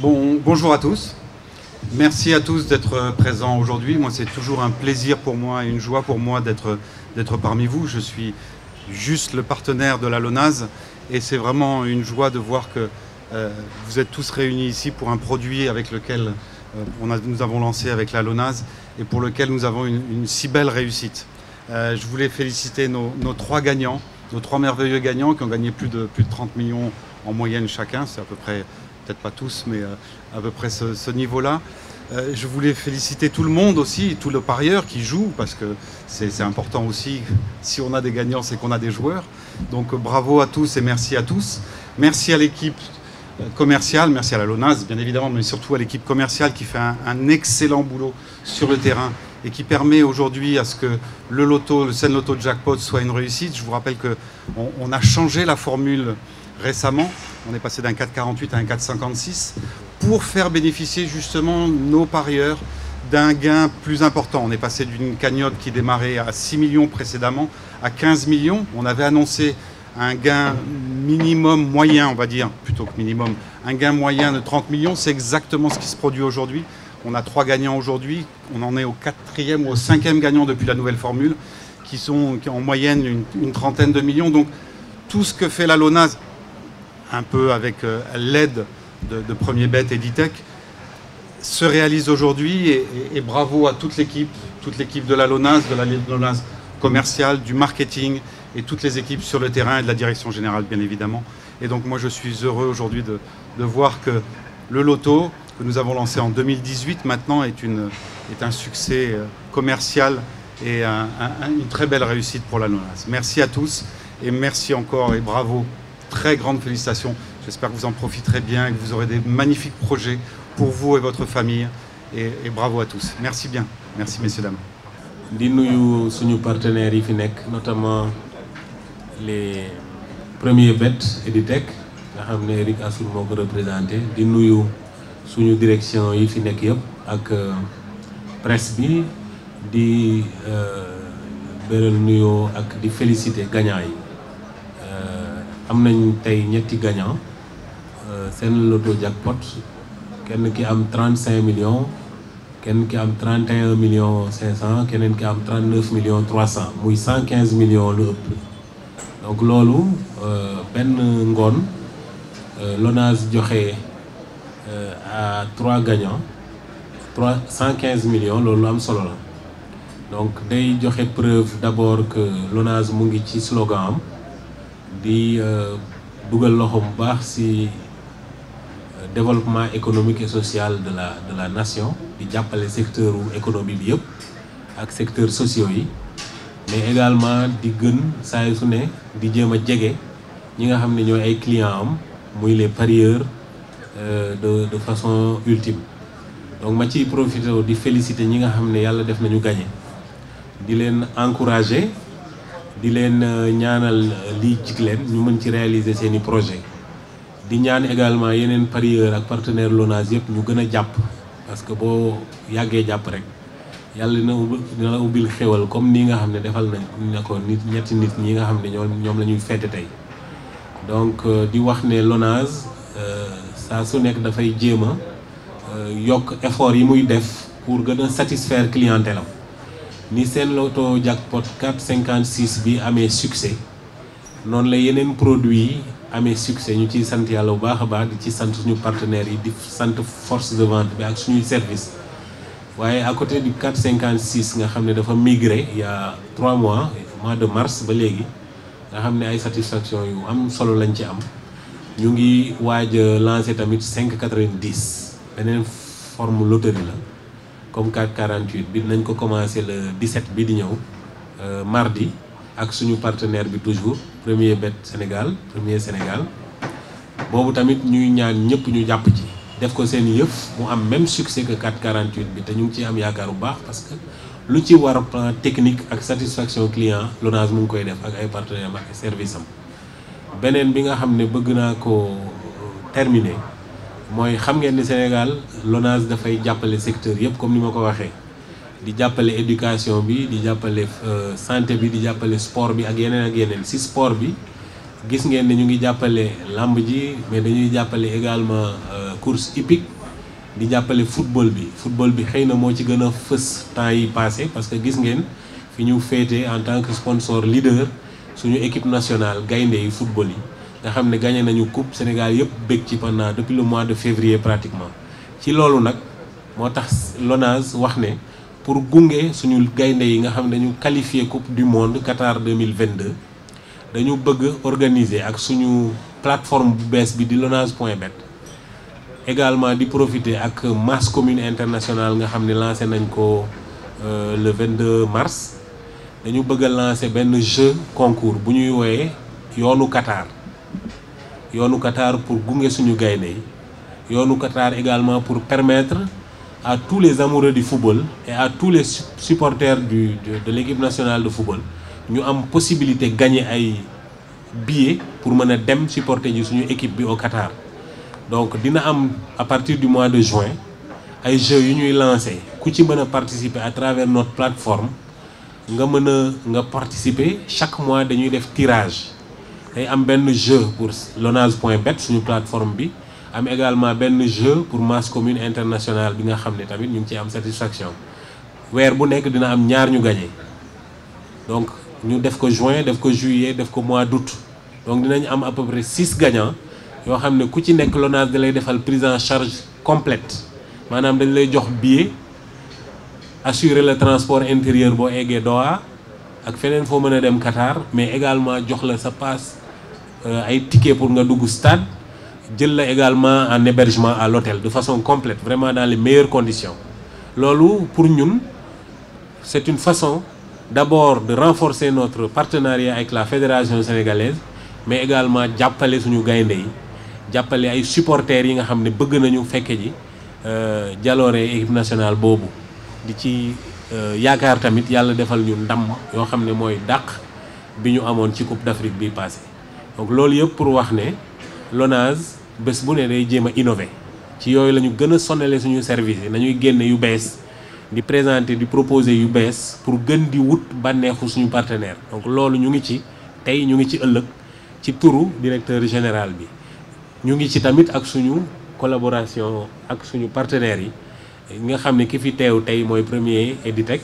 Bon, bonjour à tous. Merci à tous d'être présents aujourd'hui. Moi, c'est toujours un plaisir pour moi et une joie pour moi d'être parmi vous. Je suis juste le partenaire de la Lonase et c'est vraiment une joie de voir que euh, vous êtes tous réunis ici pour un produit avec lequel euh, nous avons lancé avec la et pour lequel nous avons une, si belle réussite. Euh, je voulais féliciter nos, nos, trois gagnants, nos trois merveilleux gagnants qui ont gagné plus de, millions en moyenne chacun, c'est peut-être pas tous, mais euh, à peu près ce, ce niveau-là. Euh, je voulais féliciter tout le monde aussi, tout le parieur qui joue, parce que c'est important aussi, si on a des gagnants, c'est qu'on a des joueurs. Donc bravo à tous et merci à tous. Merci à l'équipe euh, commerciale, merci à la LONAS bien évidemment, mais surtout à l'équipe commerciale qui fait un, un excellent boulot sur le terrain et qui permet que le loto, le scène loto de jackpot soit une réussite. Je vous rappelle a changé la formule récemment. On est passé d'un 4,48 à un pour faire bénéficier justement nos parieurs d'un gain plus important. On est passé d'une cagnotte qui démarrait à 6 millions précédemment à 15 millions. On avait annoncé un gain minimum moyen, on va dire, plutôt que minimum, un gain moyen de 30 millions. C'est exactement ce qui se produit aujourd'hui. On a trois gagnants aujourd'hui. On en est au quatrième ou au cinquième gagnant depuis la nouvelle formule, qui sont qui ont en moyenne une, une, trentaine de millions. Donc tout ce que fait la Lonase, un peu avec euh, l'aide de, de, Premier Bet et d'ITEC, se réalise aujourd'hui. Et, et, et, bravo à toute l'équipe, toute l'équipe de la Lonase, de la Lonase commerciale, du marketing et toutes les équipes sur le terrain et de la direction générale, bien évidemment. Et donc moi, je suis heureux aujourd'hui de, de voir que le loto, que nous avons lancé en 2018 maintenant est, une, est euh, commercial et un, un, et merci encore et bravo. que vous en profiterez bien et que vous aurez des magnifiques projets pour vous et votre Merci bien. Merci messieurs, dames. di nuyu suñu partenaires yi fi nekk notamment les premiers bêtes Editech nga xam di nuyu suñu direction yi fi nekk yëpp ak euh, presse bi di euh, beral nuyoo ak di félicité gagnant yi euh, am nañ tey ñetti gagnant seen loto jackpot kenn ki am 35 million kenn ki am 31 millions 500 keneen ki am 39 millions 300 muy 115 millions lu ëpp donc loolu benn ngoon l'ONAS joxe Euh, à trois gagnants trois cent quinze millions loolu am solo la donc day joxe preuve d'abord que LONASE mu ngi ci slogan am di euh, dugal loxo bu baax ci euh, développement économique et de la de la nation di jàppale secteur économie bi yëpp ak secteur sociaux yi mais également di gën saa su ne di jéem a jege ñi nga xam ne ñooy ay clients am muy les parieurs Euh, de de façon ultime donc ma ciy profité di féliciter ñi nga xam ne yàlla def nañu gagné di leen encourager di leen euh, ñaanal euh, lii jig leen ñu mën ci réaliser seeni projet di ñaan également yeneen parieurs ak partenaire Lonase yëpp ñu gën a jàpp parce que boo yàggee jàpp rek yàlla dina ubbi dina la ubbil xéwal comme nii nga xam ne defal nañ ne ko nit ñetti nit ñi nga xam ne ñoom ñoom la ñuy fête tey donc di wax ne Lonase saa su nekk dafay jéem a euh, yokk effort yi muy def pour gën a satisfaire clientèle am ni seen loto jackpot 456 bi amee succès noonu la yeneen produit yi amee succès ñu ciy sant yàlla bu baax a baax di ci sant suñu partenaires yi di sant force de vente bi ak suñuy service waaye à côté du 456 nga xam ne dafa migré il trois mois mois de mars ba léegi nga xam ne ay satisfaction yu am solo lañ ci am ñu ngi waaj a lancé tamit 5,90 beneen forme loterie la comme 4,48 bi nañ ko commencé le 17 bi di ñëw euh, mardi ak suñu partenaire bi toujours premier bet Sénégal premier Sénégal boobu tamit ñuy ñaan ñëpp ñu jàpp ci. def ko seen yëf mu am même succès que 4,48 bi te ñu ngi ciy am yaakaar bu baax parce que lu ci war plan technique ak satisfaction client Lonase mu ngi koy def ak ay partenaires ak service am. beneen bi nga xam ne bëgg naa ko euh, terminer mooy xam ngeen ni Sénégal LONASE dafay jàppale secteur yëpp comme ni ma ko waxee di jàppale éducation bi di jàppale euh, santé bi di jàppale sport bi ak yeneen ak yeneen si sport bi gis ngeen ne ñu ngi jàppale làmb ji mais dañuy jàppale également euh, course hippique di jàppale football bi football bi xëy na moo ci gën a fës temps yi passé parce que gis ngeen fi ñu féete en tant que sponsor leader suñu équipe nationale gaynde yi football yi nga xam ne gagné nañu coupe Sénégal yëpp bég ci pendant depuis le mois de février pratiquement ci loolu nag moo tax LONASE wax ne pour gunge suñu gaynde yi nga xam ne dañu qualifié coupe du monde Qatar 2022 dañu bëgg organiser ak suñu plateforme bu bees bi di LONASE point bet également di profiter ak masse commune internationale nga xam ne lancer nañ ko euh, le 22 mars dañu bëgg a lancer benn jeu concours bu ñuy wooyee yoonu Qatar yoonu Qatar pour gunge suñu gaynde yi yoonu Qatar également pour permettre à tous les amoureux du football et à tous les supporters du de, de l'équipe nationale de football ñu am possibilité gagner ay billets pour mën a dem supporter ji suñu équipe bi au Qatar donc dina am à partir du mois de juin ay jeux yu ñuy lancer ku ci mën a participer à travers notre plateforme nga mën a nga participer chaque mois dañuy def tirage day am benn jeu pour point lonase.bet suñu plateforme bi am également benn jeu pour masse commune internationale bi nga xam ne tamit ñu ngi ciy am satisfaction weer bu nekk dina am ñaar ñu gagné donc ñu def ko juin def ko juillet def ko mois d'août donc dinañ am à peu près six gagnants yoo xam ne ku ci nekk Lonase da lay defal prise en charge complete maanaam dañ lay jox billet assurer le transport intérieur boo eggee Doha ak feneen foo mën a dem Qatar mais également jox la sa passe euh, ay ticket pour nga dugg stade jël la également en hébergement à l'hôtel de façon complète vraiment dans les meilleures conditions loolu pour ñun c'est une façon d'abord de renforcer notre partenariat avec la fédération sénégalaise mais également jàppale suñu gaynde yi jàppale ay supporters yi nga xam ne bëgg nañu fekke ji euh, jaloore équipe nationale boobu di ci euh, yaakaar tamit yàlla defal ñu ndam yoo xam ne mooy dàq bi ñu amoon ci Coupe d'Afrique bi passé donc loolu yëpp pour wax ne LONASE bés bu ne day jéem a innover ci yooyu la ñu gën a sonnale suñu service yi nañuy génne yu bees di présenter di proposer yu bees pour gën di wut bànneexu suñu partenaire donc loolu ñu ngi ci tey ñu ngi ci ëllëg ci turu directeur général bi ñu ngi ci tamit ak suñu collaboration ak suñu partenaires yi nga xam ne ki fi teew tey mooy premier Editec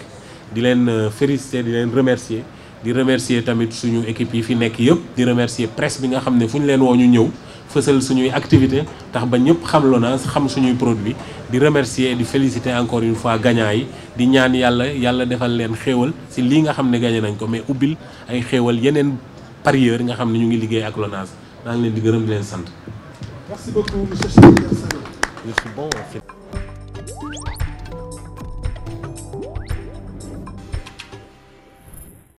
di leen euh, féliciter di leen remercier di remercier tamit suñu équipe yi fi nekk yëpp di remercier presse bi nga xam ne fu ñu leen woo ñu ñëw fësal suñuy activité tax ba ñëpp xam LONASE xam suñuy produit di remercier di féliciter encore une fois gagnant yi di ñaan yàlla yàlla defal leen xéewal si lii nga xam ne gagné nañ ko mais ubbil ay xéewal yeneen parieur nga xam ne ñu ngi liggéey ak LONASE maa ngi leen di gërëm leen sant.